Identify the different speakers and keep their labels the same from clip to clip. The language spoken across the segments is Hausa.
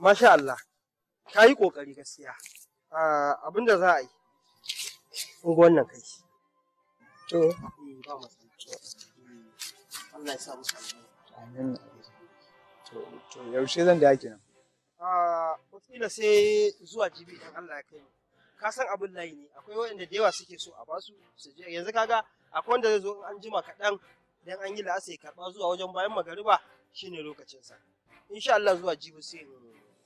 Speaker 1: Masha Allah, ka yi ƙoƙari gaskiya. Ah, abin da za a yi, in wannan kai. To, eh, ba Allah ya sa musu Amin. To, yaushe zan da kenan? Ah, wataƙila sai zuwa jibi idan Allah ya kai. Ka san abin layi ne, akwai waɗanda da yawa suke so a basu su je. Yanzu kaga akwai wanda zai zo in an jima kaɗan dan an yi la'asa ya karɓa zuwa wajen bayan magariba shine lokacinsa. Insha Allah zuwa jibi sai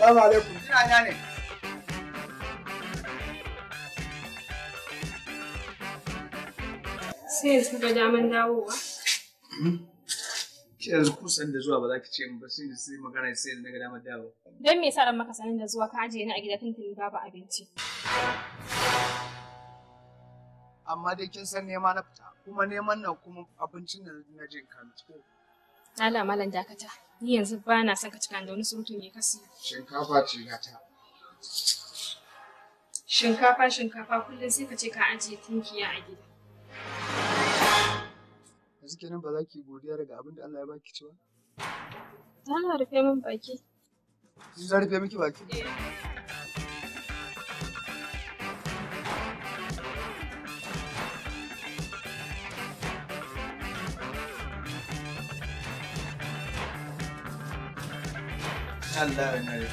Speaker 1: Salamu alaikum. Ina ina ne.
Speaker 2: Sai su ga daman dawowa. Ki hmm? yanzu
Speaker 1: kusan da zuwa ba za ki ce min ba sai da sai magana sai da na ga damar dawo.
Speaker 2: Don me sa ran maka sanin da zuwa ka ajiye ni a gida tuntuni babu abinci.
Speaker 1: Amma dai kin san nema na fita kuma neman nan kuma abincin da na jin kan
Speaker 2: Allah malam dakata. Ni yanzu ba na son ka cika da wani surutun ne kasu.
Speaker 1: Shinkafa ce ta.
Speaker 2: Shinkafa shinkafa kullum sai ka ce ka ajiye tunkiya a gida.
Speaker 1: Yanzu kenan ba za ki godiya daga abin da Allah ya baki ci ba?
Speaker 3: Ta rufe min baki.
Speaker 1: Za rufe miki baki? Eh. شاء الله انه يجي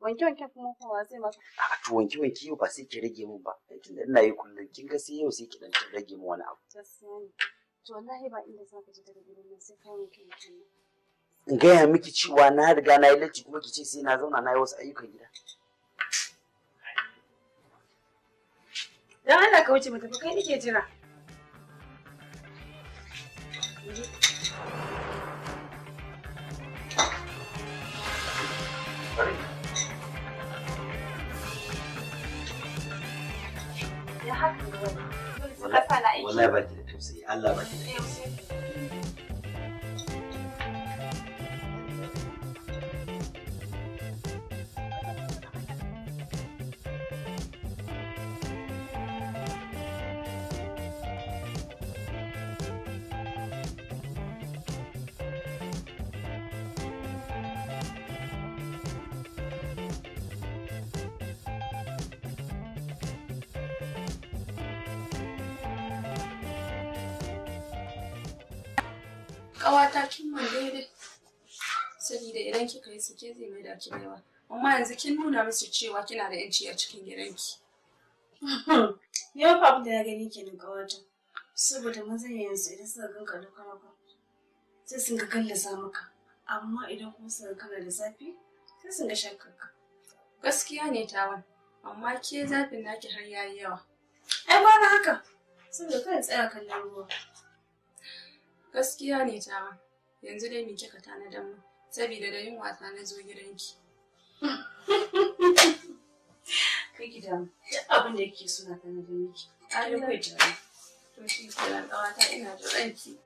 Speaker 3: wanke-wanke kuma kowa zai maka a
Speaker 1: to wanke-wanke yau ba sai ki rage min ba tunda ina yi kullum kin ga sai yau sai ki dan rage min wani abu
Speaker 3: to wallahi ba inda za ka ji daga gidan nan sai kai wanke-wanke in gaya miki cewa
Speaker 1: na riga na yi lacci kuma ki ce sai na zauna na yi wasu ayyukan gida.
Speaker 2: Don Allah ka wuce mata kai nake jira.
Speaker 3: Ya haka ne wani. Wallahi ba ki da tausayi, Allah ba ki da tausayi. ƙawata kin mun daidai saboda idan kika yi suke zai mai da ki yawa amma yanzu kin nuna musu cewa kina da yanci a cikin gidanki yau fa da ya gani ke kenan ƙawata saboda mazan yanzu idan suka ganka da kwanakwan sai sun ga kallasa maka amma idan kuma suka kana da zafi sai sun ga shakkarka gaskiya ne tawan amma ke zafin naki har yayi yawa ai ba haka saboda kada tsaya kallon ruwa Gaskiya ne tawa. Yanzu dai me kika tanadar mu? Saboda da yunwa ta na zo gidanki. Kai gida, abin da yake suna tanadar miki. Ta yi kai ta
Speaker 2: To shi kiran ƙawata ina da ranki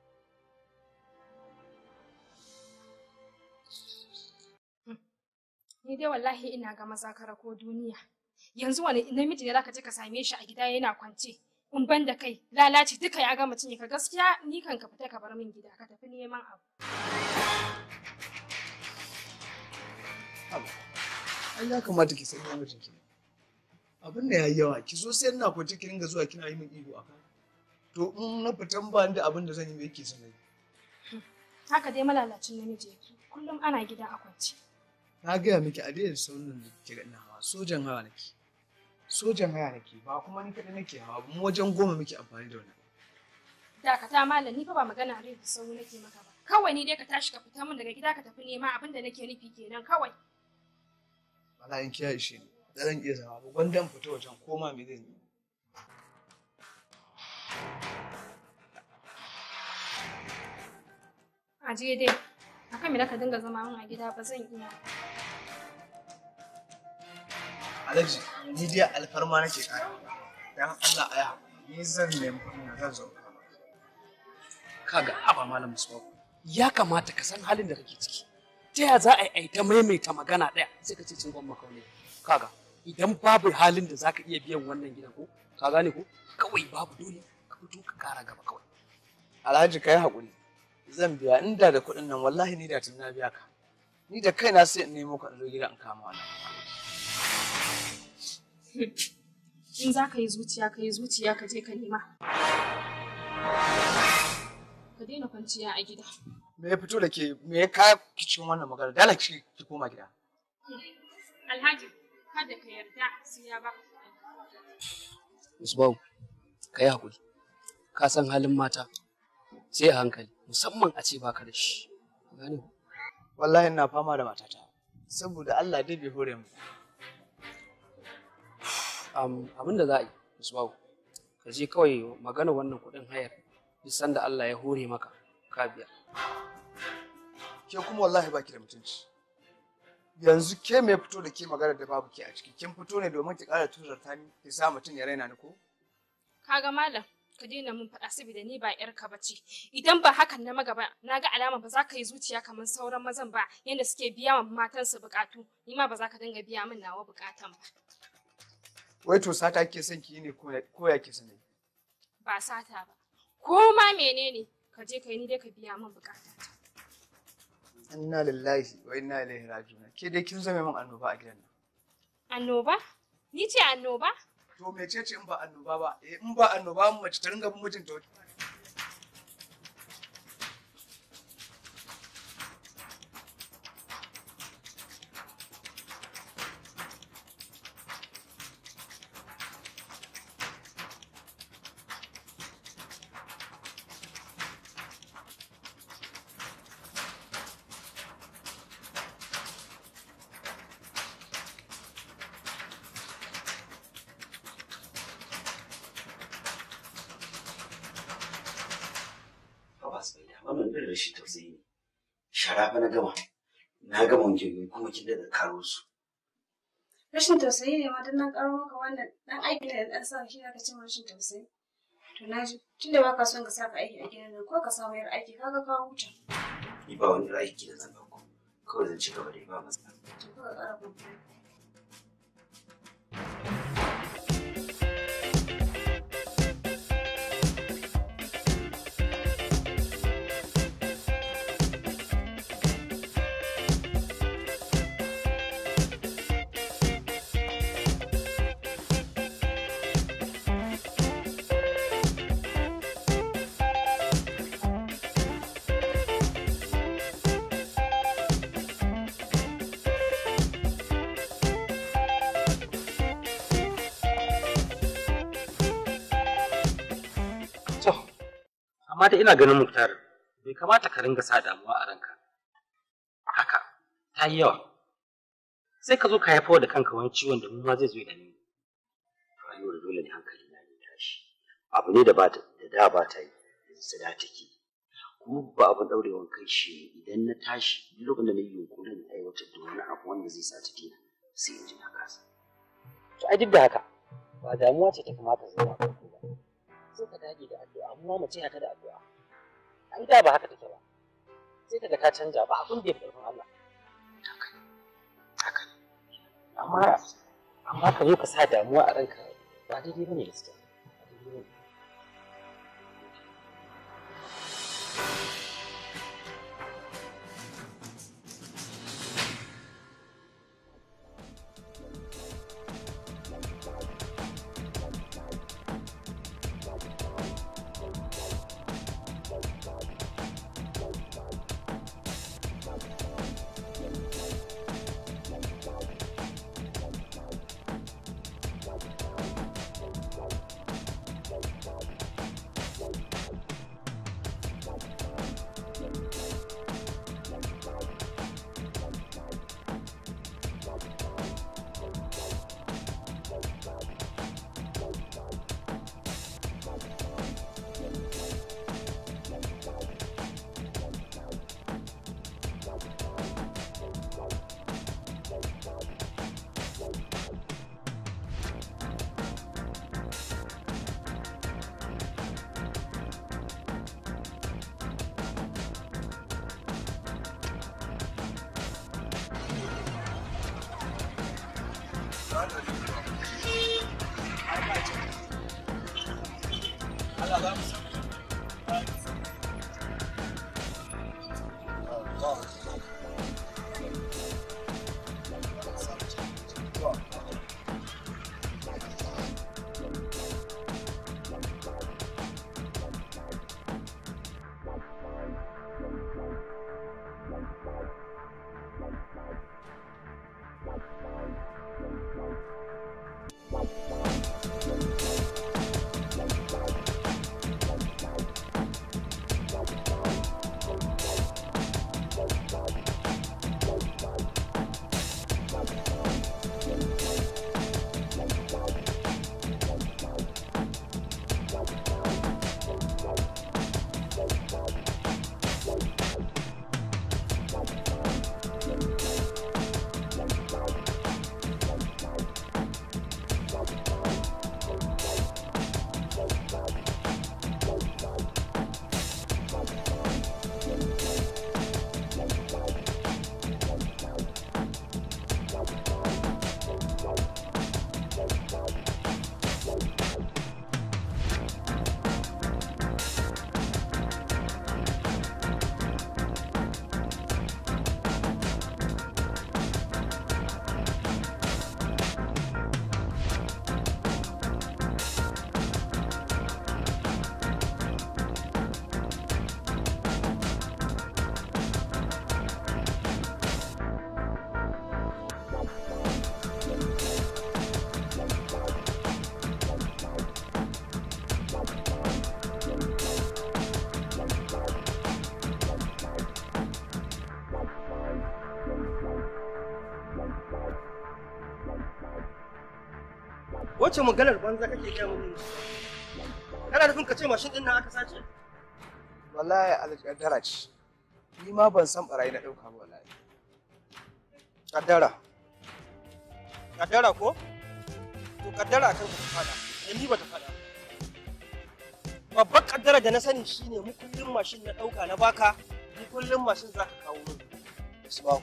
Speaker 2: Ni dai wallahi ina ga maza kara ko duniya. Yanzu wani namiji ne zaka je ka same shi a gida yana kwance. in ban da kai lalaci duka ya gama mutum ka gaskiya ni kan ka fita ka bar min gida ka tafi neman
Speaker 1: abu ai ya kamata ki san yawa ki abin da yayi yawa ki so sai ina kwace ki ringa zuwa kina yi min ido akan to in na fitan ba da abin da zan yi me yake sanin
Speaker 2: haka dai malalacin namiji yake kullum ana gida a kwance
Speaker 1: na gaya miki a daidai sauran da kira ina sojan hawa nake sojan haya nake ba kuma ni kaɗai nake hawa mu wajen goma muke amfani da wannan.
Speaker 2: Dakata malam ni fa ba magana rin da sauri nake maka ba. Kawai ni dai ka tashi ka fita min daga gida ka tafi nema abin da nake nufi kenan kawai.
Speaker 1: Bala in kiyaye ishe ni. Da zan iya zama ba gwandan fita wajen koma me zan yi.
Speaker 2: Ajiye dai, akan me na ka dinga zama min a gida ba zan iya.
Speaker 1: Alhaji, ni dai alfarma nake kare dan Allah aya ni zan nemi kuɗi zan zo kaga aba malam Musa ya kamata ka san halin da kake ciki ta ya za a yi ta maimaita magana ɗaya sai ka ce cin gwamma kaune kaga idan babu halin da zaka iya biyan wannan gidan ko ka gane ko kawai babu dole ka fito ka kara gaba kawai alhaji kai hakuri zan biya inda da kuɗin nan wallahi ni da tun na biya ka ni da kaina sai in nemo ka zo gidan in kama wannan
Speaker 2: in za ka yi zuciya ka yi zuciya ka je ka nema ka daina kwanciya a gida
Speaker 1: me ya fito da ke me ya kaya cikin wannan magana dala ki ki koma gida
Speaker 2: alhaji kada ka yarda sai ya baka
Speaker 1: Musbau ka yi hakuri ka san halin mata sai a hankali musamman a ce baka da shi wallahi ina fama da matata saboda Allah dai bai hore mu abin da za a yi ka je kawai magana wannan kuɗin hayar duk da Allah ya hore maka ka biya ke kuma wallahi baki da mutunci yanzu ke mai fito da ke magana da babu ke a ciki kin fito ne domin ki ƙara tuzarta ni ki sa mutum ya raina ni ko
Speaker 2: kaga malam ka daina mun faɗa saboda ni ba yarka ba ce idan ba hakan na magaba na ga alama ba za ka yi zuciya kamar sauran mazan ba yadda suke biya wa matansu bukatu ni ma ba za ka dinga biya min nawa bukatan ba
Speaker 1: wai to sata ke son ki ne ko ya ke sanai
Speaker 2: ba sata ba ko ma menene ka je kai ni dai ka biya min bukata ta
Speaker 1: inna lillahi wa inna ilaihi raji'un ke dai kin zama min annoba a gidan nan
Speaker 2: annoba ni ce annoba
Speaker 1: to ce in ba annoba ba eh, in ba annoba mace ta ringa bin mijinta wata rashin tausayi ne shara na gama na gama wanke kuma kin da karo
Speaker 3: su rashin tausayi ne ma dan nan karo maka wannan dan aiki da dan sa shi ka ce rashin tausayi to na ji tunda ba ka son ka saka aiki a gidan nan ko ka samu yar aiki kaga ka huta ni ba wani aiki da zan ba ku kawai zan ci gaba da ba masa to ka ƙara
Speaker 1: amma da ina ganin muktar bai kamata ka ringa sa
Speaker 3: damuwa a ranka
Speaker 1: haka ta yi yawa sai ka zo ka haifar da kanka wani ciwon da mu ma zai zo da ni
Speaker 3: rayuwar dole ne hankali na ya
Speaker 1: tashi abu ne da ba da da ba ta yi yanzu da take kuma ba
Speaker 3: abin daurewan kai shi idan na tashi duk lokacin da na yi yunkurin aiwatar da wani abu wanda zai sa ta na, sai in ji na kasa to a duk da haka ba damuwa ce ta kamata zai ba sai ka dage da addu'a amma mace taya ka da addu'a ai da ba haka take ba sai kaga ta canja ba abin da ya karfin
Speaker 1: Allah amma amma ka zo ka sa damuwa a ranka ba daidai bane gaskiya Allah za mu wace maganar banza kake kai mu kana nufin ka ce mashin din nan aka sace wallahi alƙaddara ce ni ma ban san barayi na ɗauka ba wallahi kaddara kaddara ko to kaddara kan ka fada ni ni bata fada babbar kaddara da na sani shine mu kullun mashin na ɗauka na baka ni kullun mashin zaka kawo min isma'u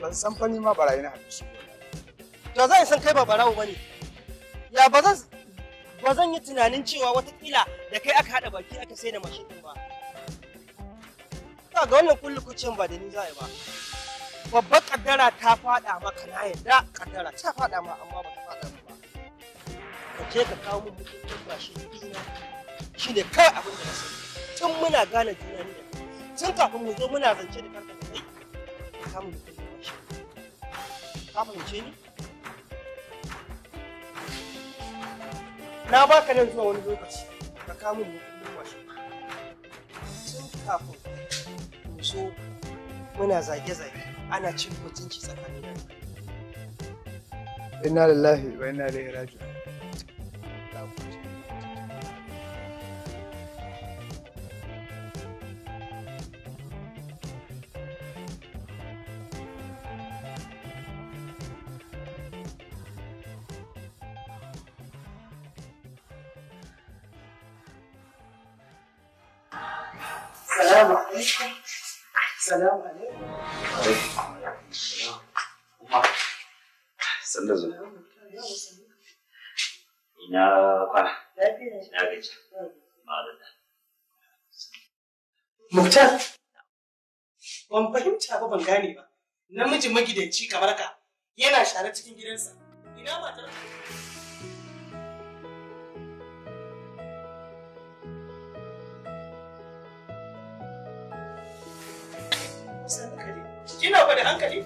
Speaker 1: ban san fa ni ma barayi na ko ba to zai san kai ba barawo bane ya ba zan ba zan yi tunanin cewa watakila da kai aka haɗa baki aka sai da mashin ɗin ba. Ina ga wannan kullukucin ba da ni za ba. Babbar kaddara ta faɗa maka na yadda kaddara ta faɗa ma amma ba ta faɗa ba. Ka je ka kawo min mutuncin mashin ɗina shi ne kai abin da na sani. Tun muna gane juna ne tun kafin mu zo muna zance da karka da kai ka kamun mutuncin mashin. Ka fahimce ni? na baka nan zuwa wani lokaci ka kamun mutum ba. tun kafin mu so muna zage-zage ana cin mutunci tsakanin inna lillahi wa inna ilaihi raji'un
Speaker 4: Assalamu alaikum. Assalamu alaikum.
Speaker 3: Sanda zo. Ina kwana.
Speaker 1: Ina
Speaker 3: gaji. Ma'adada.
Speaker 4: Muktar.
Speaker 1: Ban fahimta ba ban gane ba. namijin magidanci kamar ka yana share cikin gidansa. Ina matar kina fa da hankali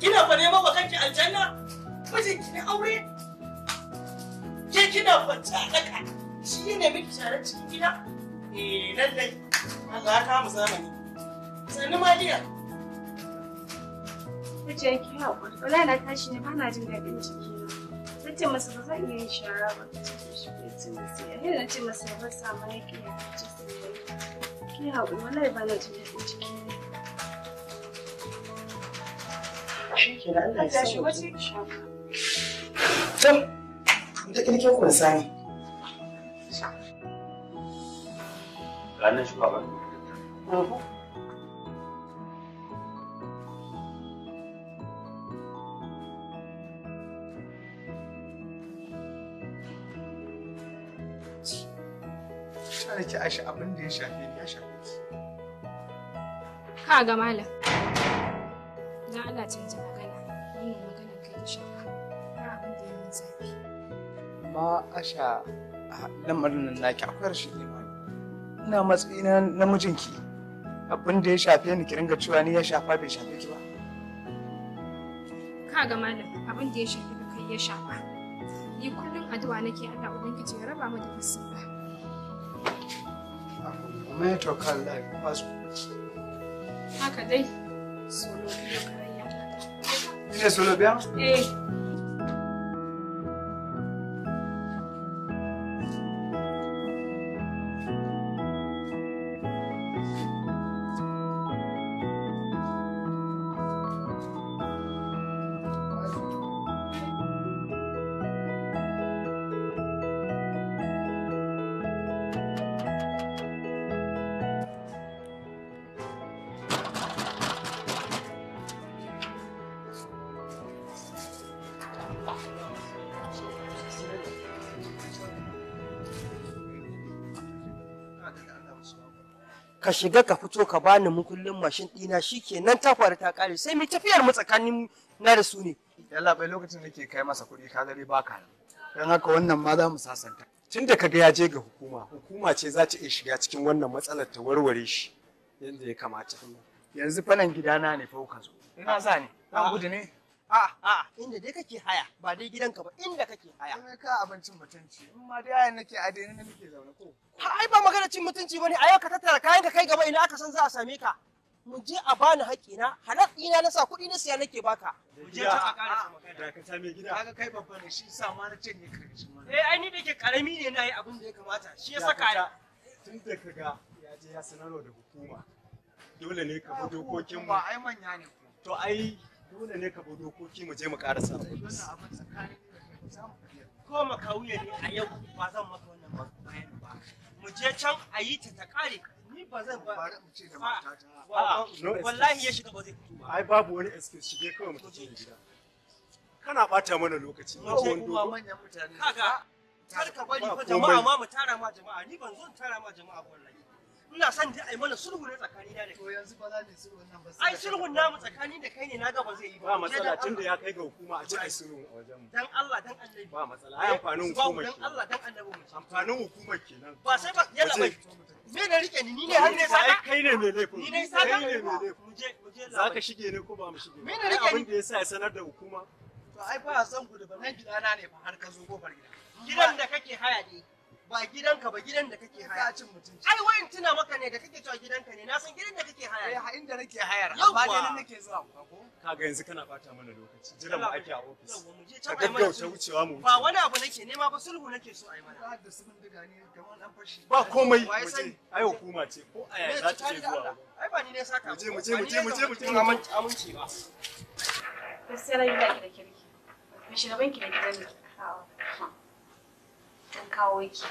Speaker 1: kina fa neman wa kanki aljanna mijin ki ne aure ke kina fa tsaka shi ne miki sharar cikin gida eh
Speaker 3: lallai Allah ya kama zamani sannu dia Kuce ki haƙuri, wala na tashi ne ba na jin daɗin ciki na. masa ba zan iya yin shara ba, ta shi ne ce masa ya. Na ce masa ba sa ki ya sai ki haƙuri, wala ba na jin daɗin ciki Shi ke da Allah ya sa. To,
Speaker 1: ita kirkin kunsa ne.
Speaker 4: Ranar shugaban.
Speaker 1: da
Speaker 2: Ka ga malam. Dan Allah canza
Speaker 1: amma asha a lamarin nan naki akwai rashin imani ina matsayi na namijinki abin da ya shafe ni ki ringa cewa ni ya shafa bai shafe ki ba
Speaker 2: ka ga malam abin da ya shafe da kai ya shafa ni kullum addu'a nake Allah ubangiji ya raba mu da musiba
Speaker 1: mai to kan Allah ya ba su
Speaker 2: haka dai solo biyo karayya
Speaker 1: ne solo biyo eh ka shiga ka fito ka bani mukullin mashin ɗina nan ta faru ta kare sai mu tafiyar mu tsakanin na da su ne yalla bai lokacin da ke kai masa kuɗi ka gari baka don haka wannan ma za mu sasanta tun da kaga ya je ga hukuma hukuma ce za ta iya shiga cikin wannan matsalar ta warware shi yadda ya kamata yanzu fanan gidana ne fa ka zo ina za ne an gudu ne A inda dai kake haya ba dai gidanka ba inda kake haya. Kuma ka abincin mutunci in ma dai haya nake a dai nake zaune ko. Ai ba magana cin mutunci bane a yau ka tattara kayan ka kai gaba ina aka san za a same ka. Mu je a bani haƙƙi na. ɗina na na sa kuɗi na siya nake baka. Mu je ta a ƙara magana. Dakata mai gida. Kaga kai babba ne shi sa ma na cinye karshen wannan. Eh ai ni da ke karami ne na yi abin da ya kamata shi ya saka ni. Tun da ka ga ya je ya sanarwa da hukuma. Dole ne ka bi dokokin mu. ai manya ne. To ai dole ne ka bude dokoki mu je mu karasa ko makawuye ne a yau ba zan maka wannan bayan ba mu je can a yi ta ta kare ni ba zan ba wallahi ya shiga ba zai fito ba ai babu wani excuse shige kawai mu tafi gida kana bata mana lokaci mu je uwa manyan mutane kaga kar ka bari fa jama'a ma mu tara ma jama'a ni ban zo tara ma jama'a wallahi ina son dai ai mana sulhu ne tsakani da kai. yanzu ba za mu sulhu nan ba. Ai sulhun namu tsakani da kai ne na gaba zai yi ba. Ba matsala da ya kai ga hukuma a ci ai sulhu a wajen mu. Dan Allah dan Annabi. Ba matsala ai amfanin hukuma Dan Allah dan Annabi mu. Amfanin hukuma kenan. Ba sai ba yalla bai. Me ne rike ni ni ne har ne ai kai ne mai laifin. Ni ne sai kai ne mai laifin. Mu je mu je Za ka shige ne ko ba mu shige. Me ne rike ni. Abin da yasa ya sanar da hukuma. To ai ba zan gudu ba nan gidana ne ba har ka zo kofar gida. Gidan da kake haya ne. ba gidanka ba gidan da kake haya. cin mutunci. Ai wayin tuna maka ne da kake cewa gidanka ne, na san gidan da kake haya. Eh, ha inda nake hayar, amma dai nan
Speaker 4: nake zuwa ko.
Speaker 1: Kaga yanzu kana bata mana lokaci. jira mu ake a office. Yawwa mu je can ai mana. Ka wucewa mu. Ba wani abu nake nema ba sulhu nake so ai mana. Ba da mun daga ne kamar an fashi. Ba komai. Ai hukuma ce ko aya za ta ce zuwa.
Speaker 3: Ai ba ni ne saka. Mu je mu je mu je
Speaker 1: mu je mu je aminci ba.
Speaker 3: sai rayuwa da kirki. Mu ne da gidanki. ha an kawo ki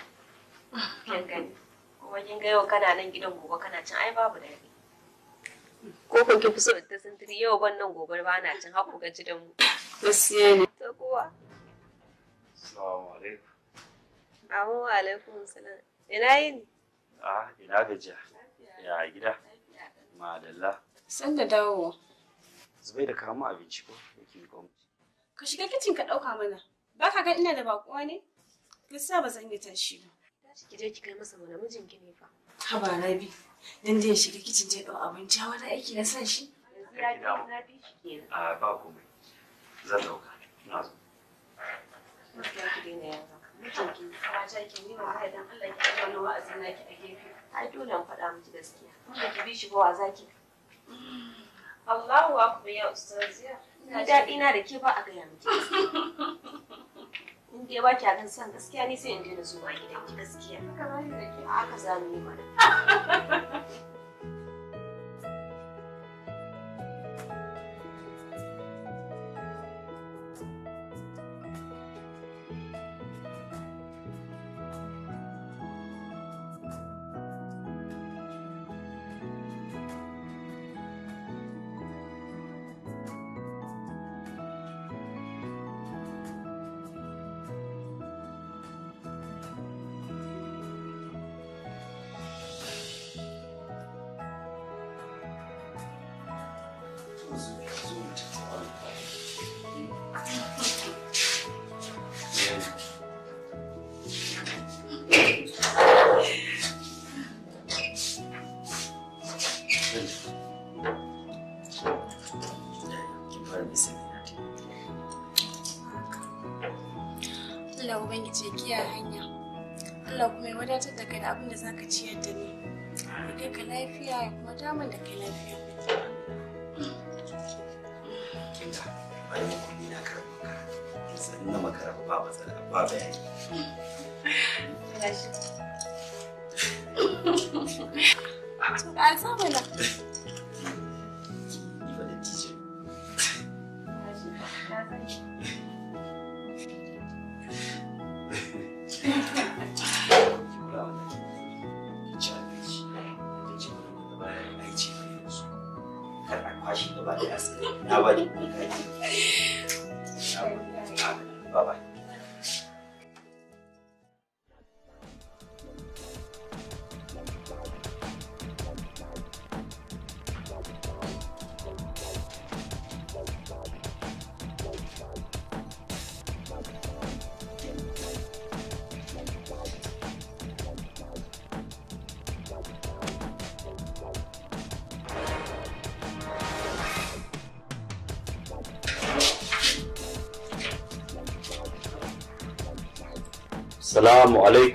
Speaker 3: kin gani kuma kin ga yau kana nan gidan gobe kana cin ai babu daɗi ko kun ki fi so ta sintiri yau ban nan gobe ba na cin haku ga gidan mu gaskiya ne ta kuwa assalamu alaikum amu alaikum salam ina yini ah ina gajiya ya gida madalla san da dawowa zubai da kamu abinci ko yake ko ka shiga kicin ka ɗauka mana ba ka ga ina da bakuwa ne Gaskiya ba zan iya tashi ba. Ki je ki masa mana mijinki ne fa. Haba Rabi, dan da ya shiga kicin je ɗau abinci a wani aiki na sa shi. A ba komai. Zan Allah a ai faɗa miki gaskiya ba ki bi wa zaki Allahu akbar ya ustaziya ina daɗi na da ke ba a gaya miki in dai ba kya gan san gaskiya ni sai in daina zuwa gidanki gaskiya haka za mu yi mana da abin da zaka ciyar da ni ya kai ka lafiya ya kuma damar da kai lafiya kinga na karɓar makara ba matsala ba bayani
Speaker 4: 拜拜。
Speaker 1: السلام عليكم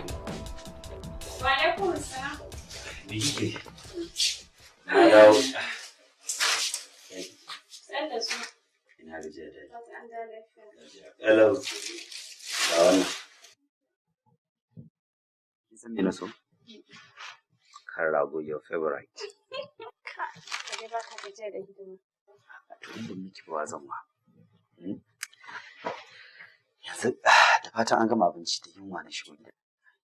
Speaker 3: fatan an gama abinci da yunwa na shigo wanda.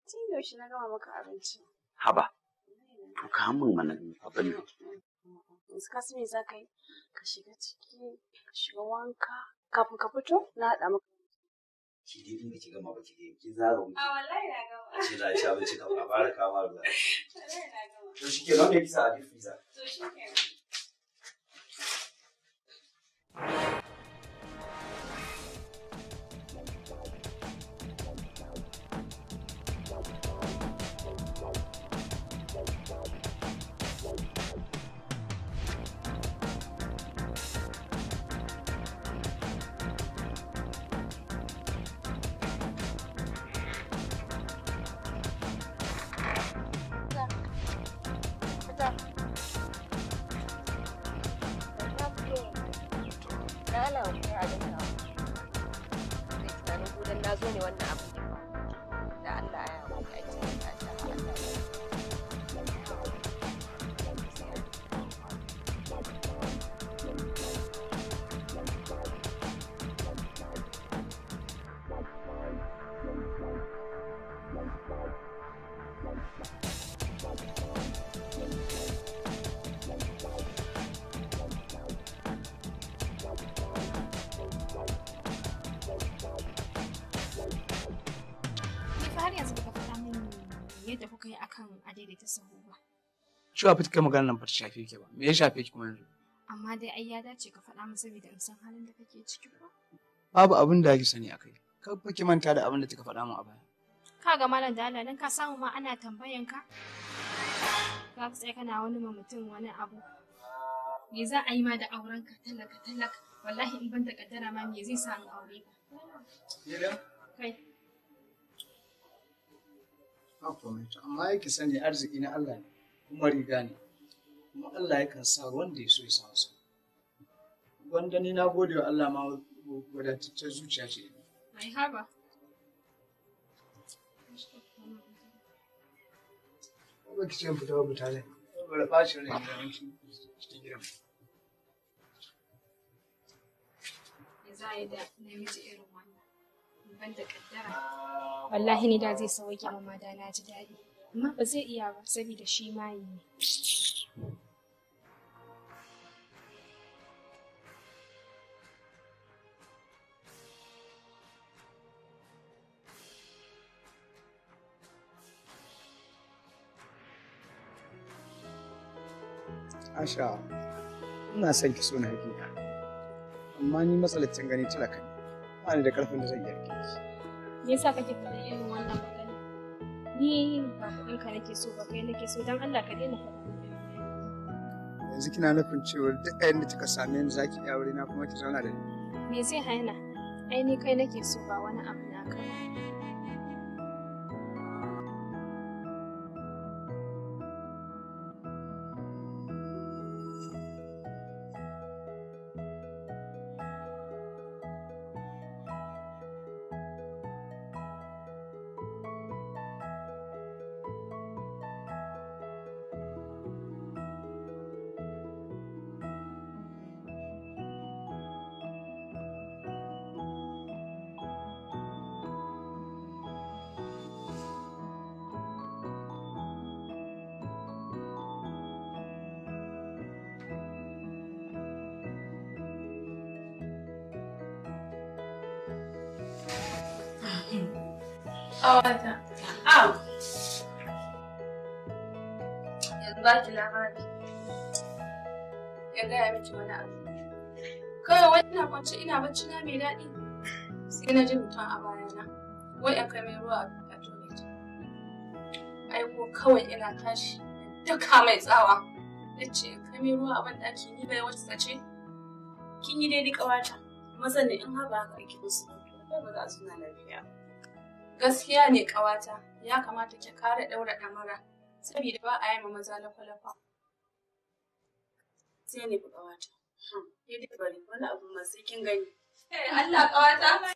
Speaker 3: Tun yaushe na gama maka abinci. Haba. To ka min mana abin nan. Yanzu ka me za ka yi? Ka shiga ciki, ka shiga wanka, kafin ka fito na haɗa maka. Ki dai gama ba ki
Speaker 1: ki zaro A
Speaker 3: wallahi na gama. ci abinci fara ruwa. Wallahi shi nan a To
Speaker 2: da kuka yi akan adaidaita sahu ba.
Speaker 1: Cewa fit kai magana nan ba ta shafe ki ba. Me ya shafe ki kuma yanzu?
Speaker 2: Amma dai ai ya dace ka faɗa min saboda in san halin da kake ciki ba.
Speaker 1: Babu abin da ake sani akai. Ka fa ki manta da abin da kika faɗa min
Speaker 4: a baya.
Speaker 2: Ka ga malam da Allah ka samu ma ana tambayan ka. Za ka sai kana wani ma mutum wani abu. Me za a yi ma da aurenka talaka talaka wallahi in ban da kaddara ma me zai samu aure ka. Kai.
Speaker 1: ba komai to amma yake sani arziki na Allah ne kuma riga ne kuma Allah yakan sa wanda ya so ya samu sa wanda ni na gode wa Allah ma wadataccen zuciya ce ai haba ba ki ce fita ba mutane? ne ba da ɓacin da cikin gidan
Speaker 2: za yi da namiji irin ban da kaddara
Speaker 4: wallahi ni da zai sauke
Speaker 2: amma da na ji daɗi amma ba zai iya ba saboda shi ma yi ne
Speaker 1: Asha, ina son ki so na hakika, amma ni matsalacin gani talaka ne. ba da karfin da zan yi aiki.
Speaker 2: me yasa kake faɗa irin wannan magana ni ba kuɗin ka nake so ba kai nake so dan Allah ka daina faɗa
Speaker 1: yanzu kina nufin cewa duk ɗayan da kika same ni zaki iya aure na kuma ki zauna da ni
Speaker 2: me zai haina ai ni kai nake so ba wani abu na kama.
Speaker 3: kwance ina bacci na mai daɗi sai na ji mutum a bayana wai an mai ruwa a toilet aiko kawai ina tashi duka mai tsawa na ce kai mai ruwa a ban ɗaki ni bai wata tace. kin yi daidai ƙawata mazan in haɓa haka ake musu ba za su na lafiya gaskiya ne kawata ya kamata ki kare ɗaura ɗamara sabida ba a yi ma maza lafa-lafa sai ne ku ƙawata Ni dai wani abu ma sai kin gani. Eh Allah ƙawata.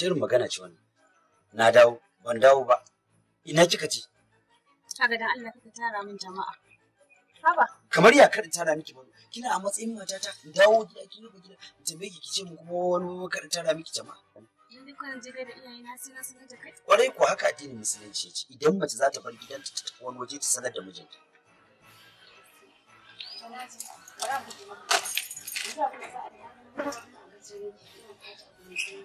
Speaker 1: wace irin magana ce wani na dawo ban dawo ba ina kika ji
Speaker 3: kaga dan Allah kika tara min jama'a haba
Speaker 1: kamar ya karin tara miki ba
Speaker 3: kina a matsayin matata dawo gida ki rubu gida
Speaker 1: tambaye ki ce mu kuma wani karin tara miki jama'a
Speaker 2: in duk kan da iyaye na sai na sanar da kai
Speaker 1: kwarai ko haka addinin musulunci ce idan mace za ta bar gidanta ta tafi wani waje ta sanar da mijinta
Speaker 4: Thank
Speaker 3: you.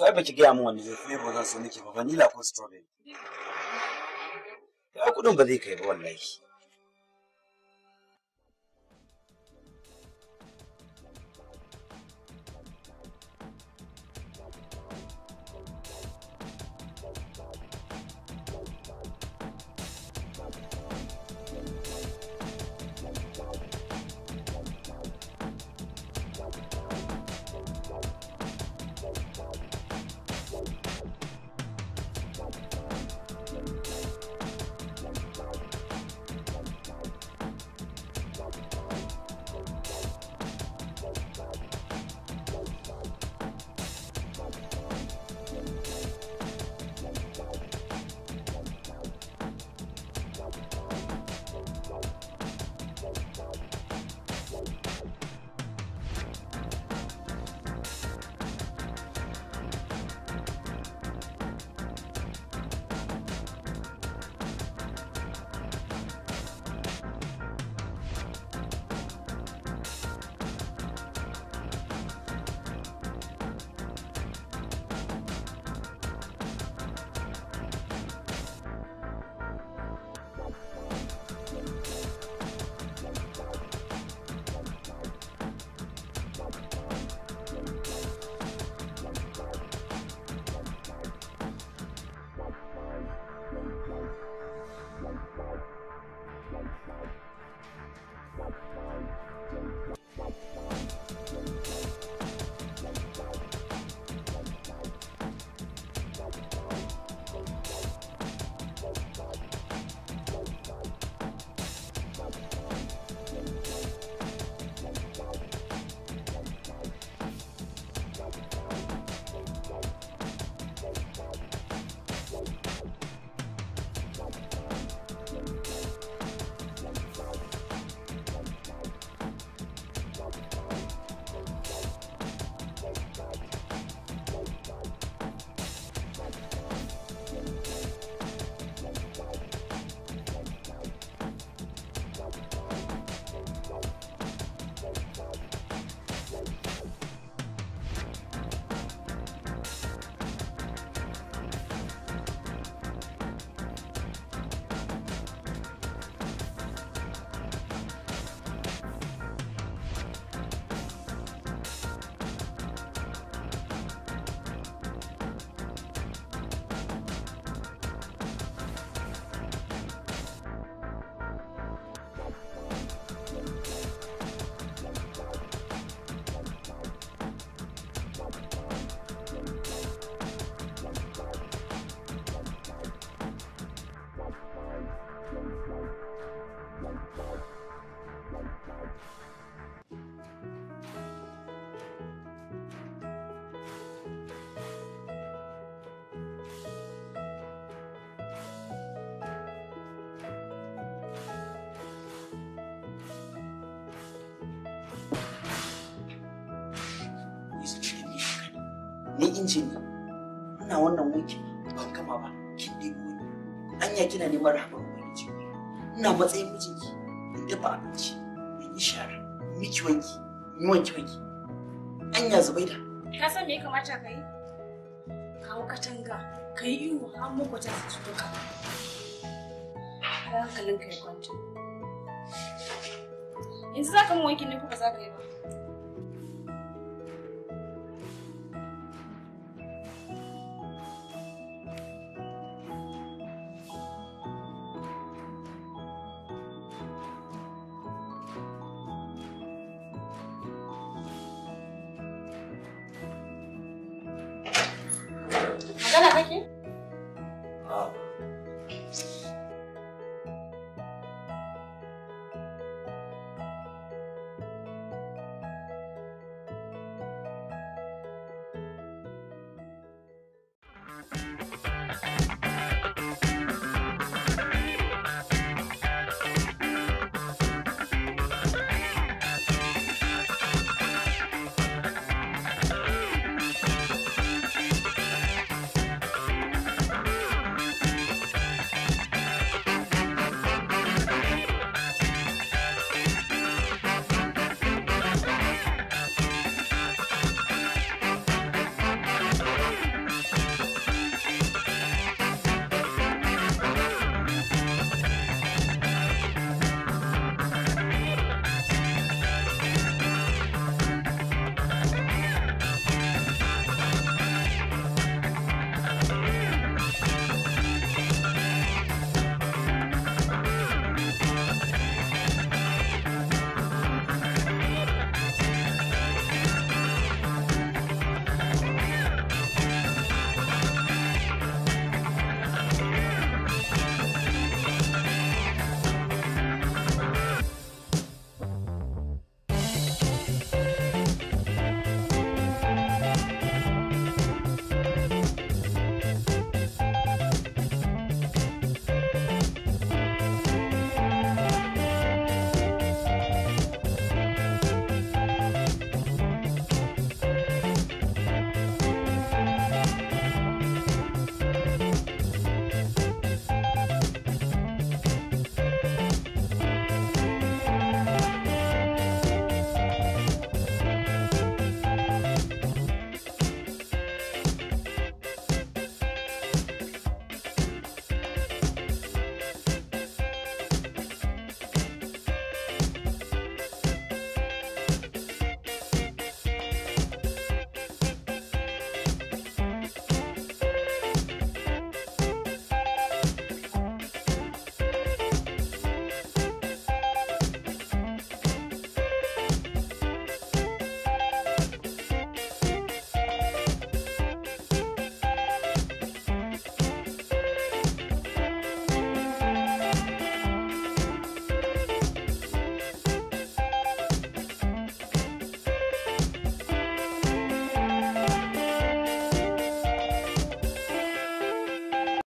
Speaker 1: To ai baki gaya mun wani zai ba zan so nake ba vanilla ko strawberry. Ya kudin ba zai
Speaker 4: kai ba wallahi. Thank you.
Speaker 1: ni injin ne wannan wiki ban gama ba kin ɗebo ni anya kina neman rahama ina matsayin mijinki in dafa abinci in yi shara in yi ciwonki in yi wanki wanki anya da
Speaker 3: ka san me ya kamata ka yi kawo katanga ka yi iwo har kwata su tuka hankalin ka ya kwanta yanzu za ka mu wanki ne ko ba za ka yi ba